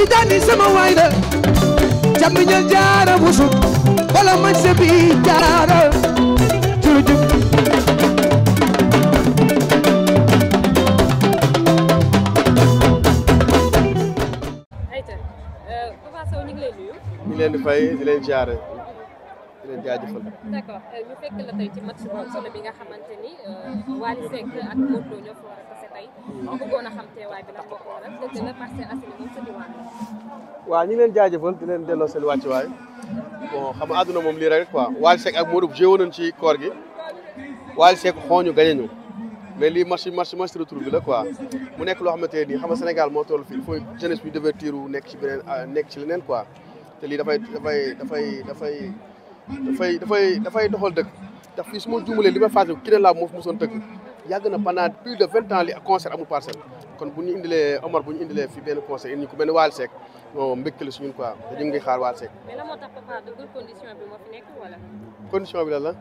tijaani sama waay la camiñal jaara busu wala man sebi jaara jurujub ñu leen di fay di leen jaare di leen jaajëfal d'accord euh, ñu fekk la tey ci match bu am solo bi nga xamante ni euh, Wally Seck ak Modou Lo ñoo fa war a tey bëggoon a xam teewaay bi ñu ngi leen jaajëfal di leen delloo seen wàccuwaay bon xam nga moom lii rek quoi Waly Seck ak Modou joué woon nañ ci koor gi Waly Seck xooñu gagné ñu mais lii match match match retour bi la quoi mu nekk loo xamante ne nii xam nga Sénégal moo toll fii fooy jeunesse bi devait tiiru nekk ci beneen euh, nekk ci leneen quoi te lii dafay dafay dafay dafay dafay dafay dafay doxal dëkk ndax fii su ma juumalee li ma fàttali ki ne laa moo soon mosoon yàgg na pendant plus de vingt ans li concert amul parcelle kon bu ñu indilee Omar bu ñu indilee fi benn concert indi ñu ko benn Waly Seck moom mbégte la suñu quoi te ñu ngi xaar Waly Seck. tax papa condition bi moo fi nekk wala. condition bi lan la.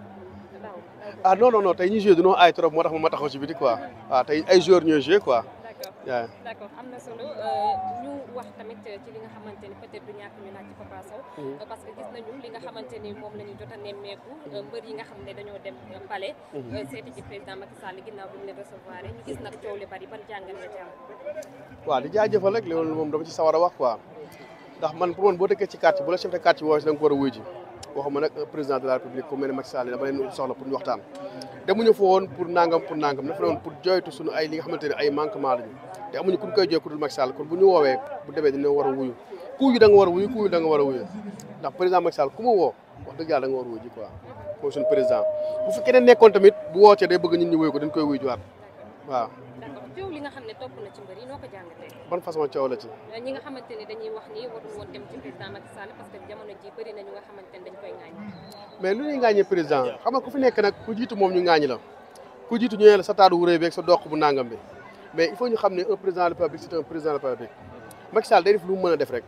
Ah, trop moo tax ma taxaw ci biti quoi waaw ah, tey ay joueurs ñooy joué quoi. waaw d'accord am na solo euh, ñu wax tamit mhm. euh, moom a nemmeeku euh, mbër yi mhm. moom dama ci sawara wax quoi ndax man pour man boo dëkkee ci quartier bu la chef de quartier woowe si da nga ko ji waxuma nag président de la république ku mel ne Macky Sall dama leen soxla pour ñu waxtaan demuñu fa woon pour nangam pour nangam dafa woon pour joytu suñu ay li nga xamante ne ay manquement lañu te amuñu kuñ koy jooy ku dul Macky Sall kon bu ñu woowee bu demee dina war a wuyu ku yu da nga a wuyu da a wuyu ndax président Macky Sall ku woo wax dëgg yàlla da nga war a wuyu ji quoi mooy président bu fi keneen nekkoon tamit bu wootee day bëgg ñun ñu wuyu ko dañ koy wuyu jiwaat waaw coow li nga xam ne topp na ci mbër noo ko jàngatee. ban façon coow la ci. Euh, ñi nga xamante ne dañuy na ñu mais lu ñuy fi nekk nag ku jiitu moom ñu ŋaañ la ku jiitu ñu ne sa taatu wu sa doq bu nangam bi mais il faut ñu xam ne un président de la République c'est un président de la lu mën a def rek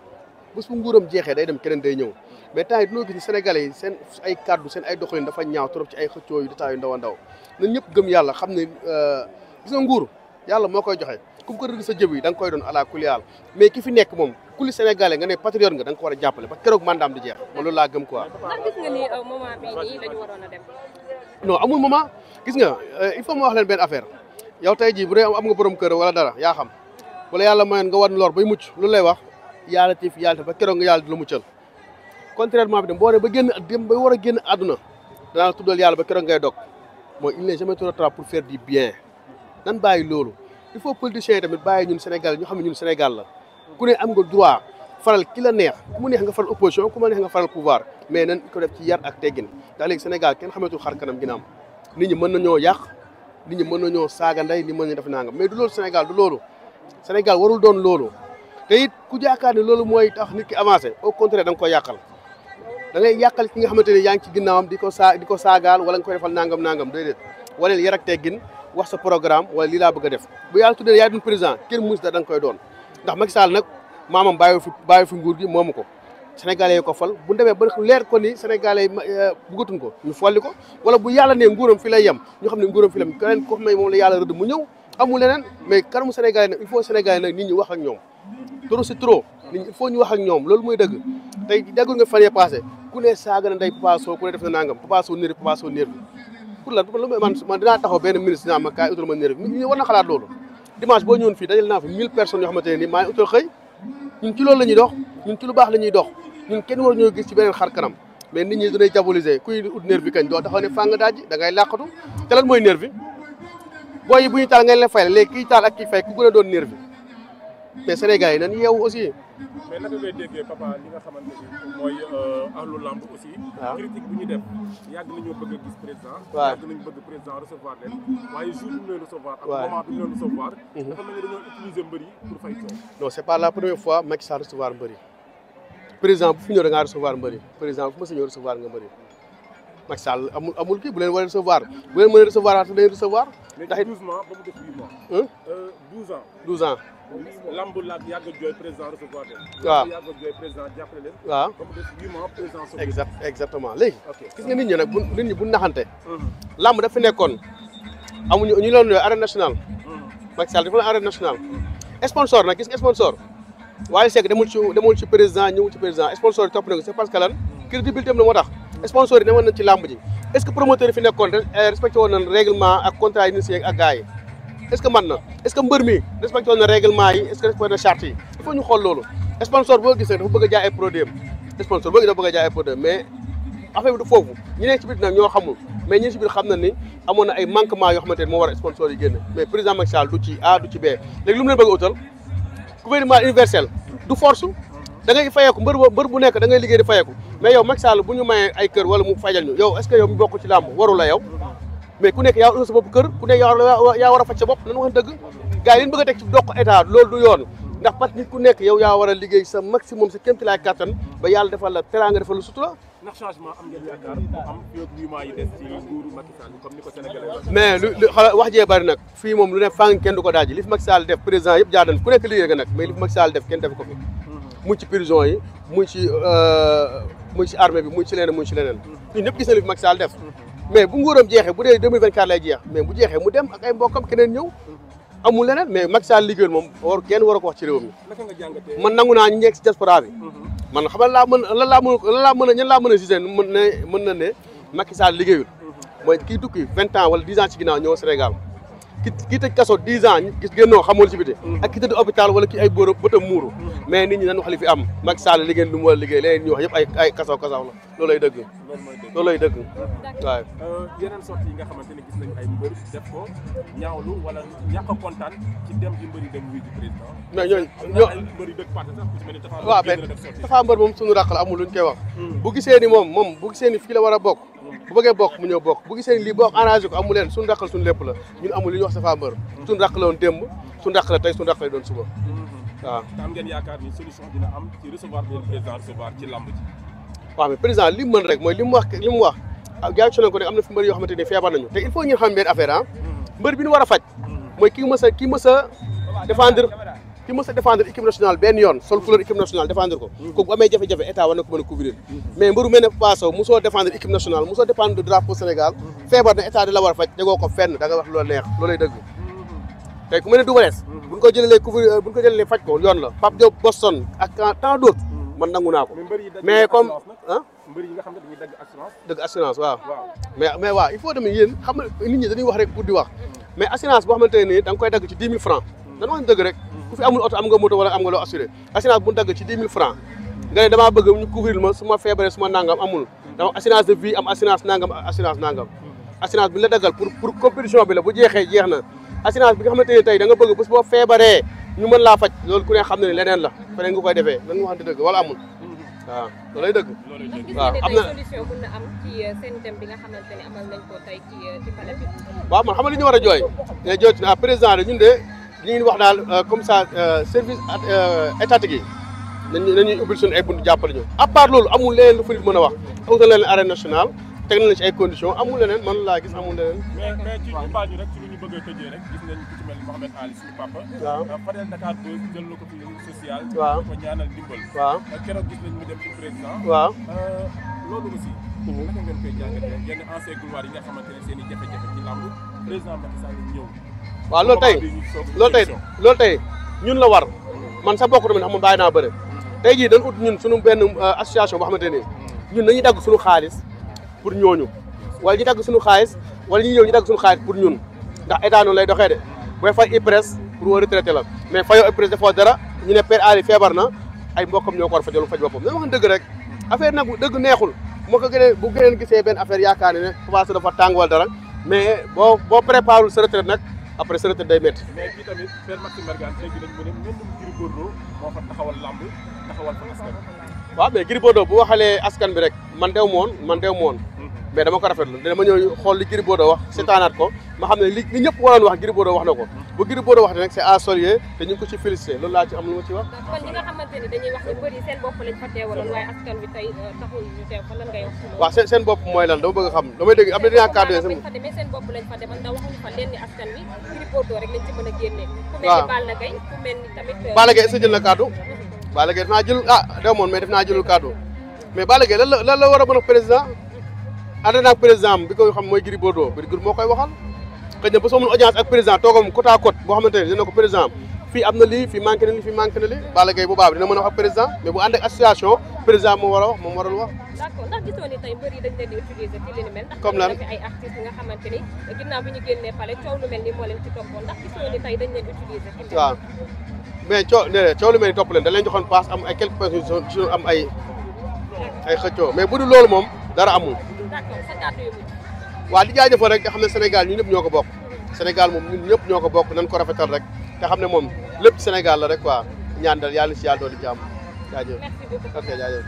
bés bu nguuram jeexee day dem keneen day ñëw mais temps yi dinoo gis ni sénégalais seen ay kàddu seen ay doxalin dafa ñaaw ci ay xëccoo yu détails yu ndaw a ñëpp gëm yàlla xam ne euh, gis nguur yàlla moo koy joxe ku mu ko rëdd sa jëb yi da nga koy doon ala kulli yàlla mais ki fi nekk moom kulli sénégalais nga ne patriote nga da nga ko a jàppale ba keroog mandaam di jeex man loolu laa gëm quoi. ndax gis la euh, ñu waroon a dem. non amul moment gis nga euh, il faut wax leen benn affaire yow tey jii bu dee am nga borom kër wala dara yaa xam wala yàlla mayoon nga wan lor bay mucc lu lay wax yàlla tiif yàlla tiif ba keroog nga yàlla di la muccal contrairement bi dem boo ne ba génn dem ba war a génn àdduna danaa tuddal yàlla ba keroog ngay dog moo il n'est jamais trop tard pour faire du bien nan bàyyi loolu il faut politiciens yi tamit bàyyi ñun Sénégal ñu xam ne ñun Sénégal la ku ne am nga droit faral ki la neex ku neex nga faral opposition ku mu neex nga faral pouvoir mais nan ko def ci yar ak teggin ndax léegi Sénégal kenn xamatul xar kanam ginnaaw nit ñi mën nañoo yàq nit ñi mën nañoo saaga ndey nit mën nañu def nangam mais du loolu Sénégal du loolu Sénégal warul doon loolu te it ku jaakaar ne loolu mooy tax nit ki avancé au contraire da nga ko yàqal da ngay yàqal ki nga xamante ne yaa ngi ci ginnaawam di ko saa di ko saagaal wala nga koy defal nangam nangam déedéet waneel yar ak teggin wax sa programme wala lii laa bëgg def bu yàlla tuddee yaay doon président kenn muus da nga koy doon ndax Macky Sall nag maamam bàyyi fi bàyyi fi nguur gi moomu ko sénégalais yi ko fal bu demee ba leer ko ni sénégalais euh, bëggatuñ ko ñu li ko wala bu yàlla ne nguuram fi lay yem ñu xam ne nguuram fi la keneen ko xam ne moom la yàlla rëdd mu ñëw amul leneen mais kanamu sénégalais nag il ñu wax ak ñoom trop c'est trop nit ñu wax ak ñoom loolu mooy dëgg tey déggul nga fan yee passé ku ne saaga na day Papa Sow ku ne def na pour lan lu man man dinaa taxaw benn ministre dinaa ma kaay utal ma nerf ñi war na xalaat loolu dimanche boo ñëwoon fii dajal naa fi mille personnes yoo xamante ne nii maa xëy ñun ci loolu la ñuy dox ñun ci lu baax la ñuy dox ñun kenn war ñoo gis ci beneen xar kanam mais nit ñi danay diaboliser kuy ut nerf bi kañ doo taxaw ne fàng daaj da ngay làqatu te lan mooy nerf bi booy yi bu ñu taal ngay leen fay léegi kiy taal ak ki fay ku gën doon nerf bi Sénégal yi nan yeewu aussi mais naka ngay déggee papa li nga xamante ni mooy euh, ahlu lamb aussi. waaw ah. critique bu ñu def yàgg nañoo bëgg a gis président. waaw yàgg nañu bëgg président recevoir leen waaye jour bi ñu leen recevoir. ak moment bi ñu leen recevoir. Mhm. dafa mel ni dañoo utiliser mbër yi pour fay coow. non c' est pas la première fois Macky Sall recevoir mbër yi président bu fi ñëw da ngaa recevoir mbër yi président bu ma si ñëw recevoir nga mbër yi Macky Sall amul amul kii bu leen war a recevoir bu leen mën a recevoir at dañuy recevoir. ndax it 12 mois ba mu def 8 mois. exactement léegi. gis nga nit ñi nag bu nit ñi bu naxante. lamb dafa nekkoon amuñu ñu loon arène nationale. Macky Sall dafa la arène nationale. sponsor nag gis nga sponsor. waaye Seck demul ci demul ci président ñëwul ci président sponsor yi topp na ko c'est parce que lan crédibilité am la moo tax. sponsor yi newoon nañ ci làmb ji est-ce que promoteur yi fi nekkoon eh, respecté woon nañ contrat yi initié ak yi est-ce que na est-ce mbër mi respecté woon na règlement yi est-ce que respecté na charte yi il ñu xool loolu sponsor boo gis nag dafa bëgg a jaay ay produit a jaay mais affaire bi du foofu ñi nekk ci biir ñoo xamul mais ñi ci xam na ni amoon na ay manquement yoo xamante ne moo war a sponsor yi génn mais président Macky Sall du ci A léegi lu mu leen da ngay fayeeku mbër mbër bu nekk da ngay liggéey di fayeeku mais yow Macky Sall bu ñu mayee ay kër wala mu fajal ñu yow est ce que yow mi bokk ci làmb waru la yow ku nekk yaa un sa kër ku nekk yaa war a faj sa bopp nan wax dëgg gars yi leen bëgg a teg ci doq état ku nekk yow yaa war a liggéey sa maximum sa kéem laay kattan ba yàlla defal la teraanga defal la sutura ndax changement am ngeen yaakaar am yi des ci nguuru Macky Sall comme ni ko Sénégalais mais lu xala wax jee bari nag fii moom lu ne fàng kenn du daaj li fi def président yëpp jaadan ku nekk liggéey nga nag mais li fi def kenn def ko fi muy ci prison yi mu ci muy ci euh, bi muy ci leneen mu ci leneen ñun ñëpp gis nañu li fi Macky def mais bu nguuram jeexee bu dee 2024 lay jeex mais bu jeexee mu dem ak ay mbokkam keneen ñëw amul leneen mais Macky Sall liggéeyul moom war kenn war a ko wax ci réew mi man nangu naa ñu nekk ci diaspora bi man xamal laa mën lan laa mën laa mën a ñan laa mën a gisee mën ne mën na ne Macky Sall liggéeyul mhm. mooy kii tukki vingt ans wala dix ans ci ginnaaw ñëw Sénégal ki ki tëj kaso dix ans ñu gis génnoo xamul ci biti mm-hmm. ak ki tëdd hôpital wala ki ay bóora bëtam muuru mais nit ñi nan wax fi am Macky Sall liggéey lu mu war a liggéey leneen ñu waaw euh, yi nga xamante ne gis nañu ay mbër def ko ñaawlu wala ñàkk a kontaan ci mais ñooñu ñoo mbëri dëkk parti sax ku mbër moom suñu raq la amul luñ koy wax hmm. bu gisee ni moom moom bu gisee ni fii la war a bokk bu bëggee bokk mu ñëw bokk bu gisee lii boo arrangé ko amu leen suñu la suñu lépp la ñun amul li ñuy wax Tapha Mbeur suñu la woon démb suñu raq la tey suñu raq lay doon suba mm-hmm. waaw am ngeen yaakaar mën rek mooy li mu wax li mu ah, am na fi mbër yoo xamante ne feebar nañu te il faut ñu xam benn affaire ah mm-hmm. mbër bi war a faj mm-hmm. mooy kii mës a kii mës a ki mës a défendre équipe nationale benn yoon sol couleur équipe nationale défendre ko hmm. kooku bu amee jafe-jafe état war na ko mën mais mbëru mel ne Papa Sow équipe nationale mosoo défendre drapeau Sénégal hmm. feebar na état di la faj tegoo ko fenn da wax loolu neex loolay dëgg hmm. tey ku mel ne Doubalès euh, ko jëlee faj ko yoon la Pape Diop Boston ak tant d'autres man nangu naa ko mais comme dëgg assurance waaw mais mais waaw il faut tamit mais assurance ku fi amul oto am nga moto wala am nga loo assuré assurance bu dagg ci 10 000 francs nga ne damaa bëgg ma su ma feebaree su ma nangam amul dama assurance de vie am assurance nangam assurance nangam assurance bi la daggal pour bi la bu jeexee na assurance bi nga xamante ne tey da nga bëgg bés boo feebaree ñu mën laa faj loolu ku ne xam ne ne leneen la feneen nga koy defee nan nga waxante dëgg waaw am na solution euh, bi nga xamante ne amal nañ ko tey ci euh, li ñu war a jooy ne jooy ah président de ñun de di leen wax daal euh, comme ça euh, service euh, étatique yi nañu nañuy ubbil suñu ay buntu jàppale ñu à part loolu amul leneen lu furit mën a wax utal leen arène nationale teg nañ ci ay conditions amul leneen man laa gis amul leneen. mais a gis nañu ku ci ko fi social. waaw ko ñaanal dimbal. waaw keroog gis nañ mu dem ci xamante ne seen i jafe-jafe waaw loolu tey loolu tey loolu tey ñun la war man sa bokk tamit xam nga bàyyi naa bëre te jii dañ ut ñun suñu benn euh, association boo xamante ni ñun nañu dagg suñu xaalis pour ñooñu wala ñu dagg suñu xaalis wala ñu ñëw ñu dagg suñu xaalis pour ñun ndax état noonu lay doxee de booy fay IPRES pour waa retraité la mais fayoo IPRES defoo dara ñu ne Père feebar na ay mbokkam ñoo ko war a fajal faj boppam dañu wax dëgg rek affaire nag dëgg neexul moo ko gënee bu gëneen gisee benn affaire yaakaar ne ne commencé dafa dara mais boo boo préparé sa retraite nag après sa retraite day métti. mais kii tamit Père Maxime Mbergane tey jii dañu ko ne waaw mais Gris bu waxalee askan bi rek man dew moon man dew moon mhm. mais dama ko rafetlu dama ñëw xool li Gris Bordeaux wax seetaanaat ko ma xam ne li li ñëpp waroon wax Gris wax na ko bu Gris Bordeaux wax rek c'est à saluer te ñu ko ci félicité loolu laa ci am lu ma ci wax. kon ñi nga xamante euh, seen bopp mooy lan dama bëgg a xam damay dégg am na dinaa kàddu seen bopp lañ fa demee rek lañ ci a génne. ku mel ni Balla Gaye ku euh, jël na kàddu. Balla Gaye def naa jël ah moon mais def naa jëlul kàddu mais Balla Gaye lan la lan la war a mën a président ànd bi ko xam mooy Gris Bordeaux bi moo koy waxal xëy na ba soo mun audience ak président toogam côte à côte boo xamante ne dina ko président fii am na lii fii manqué na lii fii manqué na lii Balla Gaye bu baax dina mën a wax ak président mais bu ànd ak association président moo war wax moom warul wax. comme lan coow lu mel ni moo ci toppoon ndax gisoo ni tey dañ leen utiliser. ci waaw mais coow nee coow lu mel ni topp leen dañ leen joxoon paas am ay quelques personnes yu am ay ay xëccoo mais bu dul loolu moom dara amul. d'accord sa waa di jaajëfal rek nga xam ne Sénégal ñu ñëpp ñoo ko bokk Sénégal moom ñun ñëpp ñoo ko bokk nañ ko rafetal rek te xam ne moom lépp Sénégal la rek quoi ñaan dal yàlla si yàlla doon di jàmm jaajëf ok jaajëf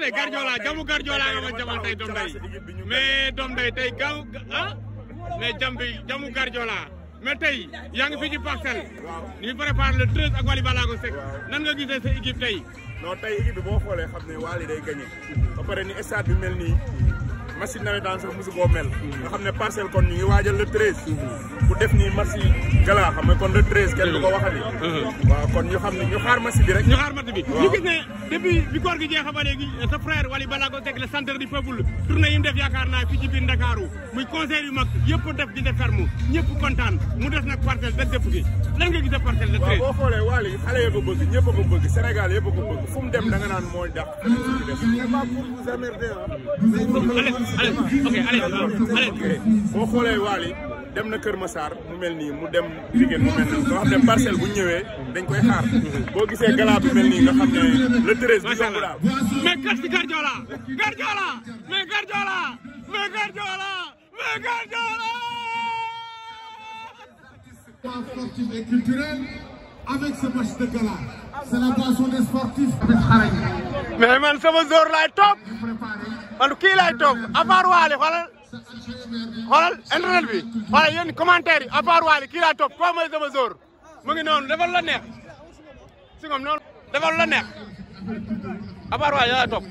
de Guardiola jamu Guardiola nga ma jamal tey Dom Ndeye mais Dom Ndeye tey gaaw ah mais jamu Guardiola mais tey yaa ngi fi ci parcelle. waaw ñu préparé le treize ak Waly Balago nan nga gisee sa équipe tey. tey équipe boo xoolee xam ne Waly day gagné ba ni stade bi mel nii. machine nawetaan sax mosu koo mel. nga xam ne parcelle kon ñu ngi waajal le treize. bu def nii marché gala xam nga kon le kenn du ko waxati. waaw kon ñu xam ne ñu xaar match bi rek. ñu xaar match bi ñu gis depuis bi koor gi jeexa ba léegi sa frère Waly Balago centre du peuple tournée yi mu def yaakaar naa fii ci biir Ndakaaru muy concert yu mag yëpp def di ferme ñëpp kontaan mu des nag parcelle dëpp gi lan nga gis parcelle le boo xoolee Waly allez ok boo xoolee Wally dem na Kër Massar mu mel ni mu dem Linguère mu mel nii nga bu ñëwee dañ koy xaar. boo gisee gala bi mel nii nga xam ne le treize. macha allah mais kër si Guardiola. Guardiola mais avec ce match man sama zor laay topp man kii laay topp affaire waale xoolal xoolal internet bi xoolal yéen commentaire yi affaire waale kii laay top koo mooy sama zor mu ngi noonu defal la neex si moom noonu defal la neex affaire waale yaa laay topp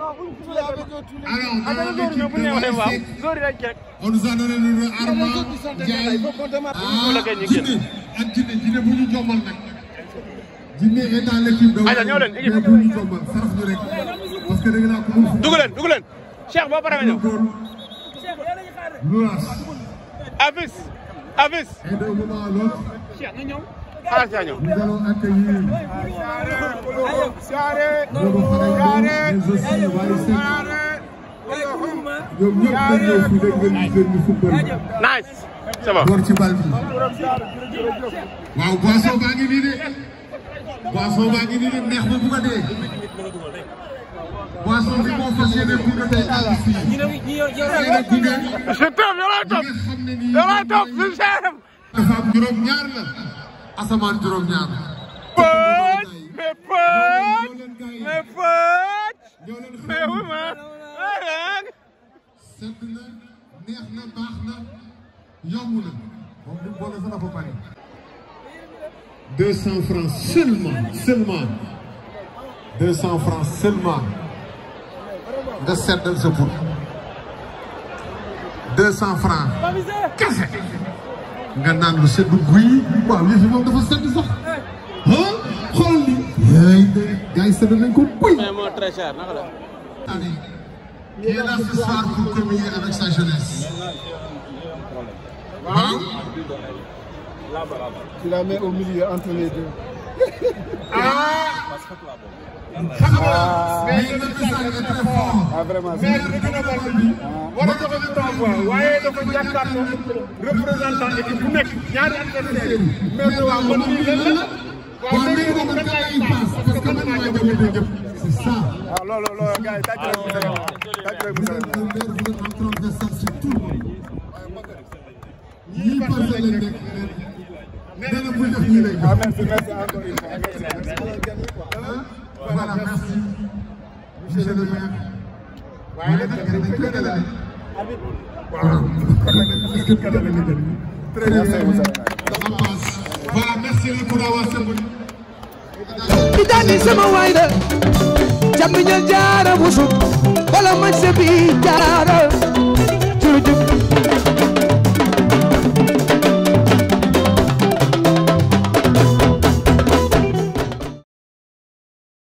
Alors, dans l'équipe de Maïsik, on nous a donné le numéro Armand, Ndiaye, ah, Djiné. Ah, bu ñu jombal nag. Djiné est dans l'équipe de bu ñu jombal, saraf ñu rek. Parce que dégg naa ko mu. Dugg leen, dugg leen. Cheikh boo paree ñëw. Louras. Avis, avis. Et d'un ñëw. ah c' est à ñëw. nous allons accueillir. Ndiobo Xaragne mais aussi Waly Seck ñoom ñëpp dañ ñëw fii rek ngeen di jël ñu football. nice c'est bon. door ci bal bi. waaw boisson baa ngi nii de. boisson baa ngi nii de neex ba bu ko dee. boisson bi moo fas yéene gunge tey artiste yi. yéene gunge. je t'aime yow lay topp yow lay topp dafa am juróom ñaar la. asamaan juróom-ñaar. Poch mais Poch mais Poch. mais Oumar. sedd na neex na baax na yomb na. moom bu boole sa dafa bari. 200 francs seulement seulement. 200 francs seulement. nga seddal sa pour. 200 francs. kese. nga naan lu sedd guy waaw yëf yi moom dafa sedd sax ah xoolal ni yaay gars sedd nañ ko guy. Il est là ce soir pour communier avec sa jeunesse. xam nga mais le message est très fort. vraiment mais li gën a war a ji. war a joxe ci temps waaye dafa jàkkaarloo représentant équipe bu nekk ñaari adversaire mais de waaw man lii lan la. waaw léegi moom lan laay paas parce que man maa joxe ñëpp ñëpp. c'est ça. waaw loolu loolu gars yi tàcc rek bu sëriñ tàcc rek bu sëriñ. ñii passé lañ nekk nee na bu jox ñii lay jox. merci merci encore une fois. voilà merci monsieur le maire waaye nag dañ koy jëndale. waaw. très bien. voilà merci beaucoup d'avoir sëbëri. bi daani sama waay la. jàmm ña jaara bu sub. wala ma se bi jaara.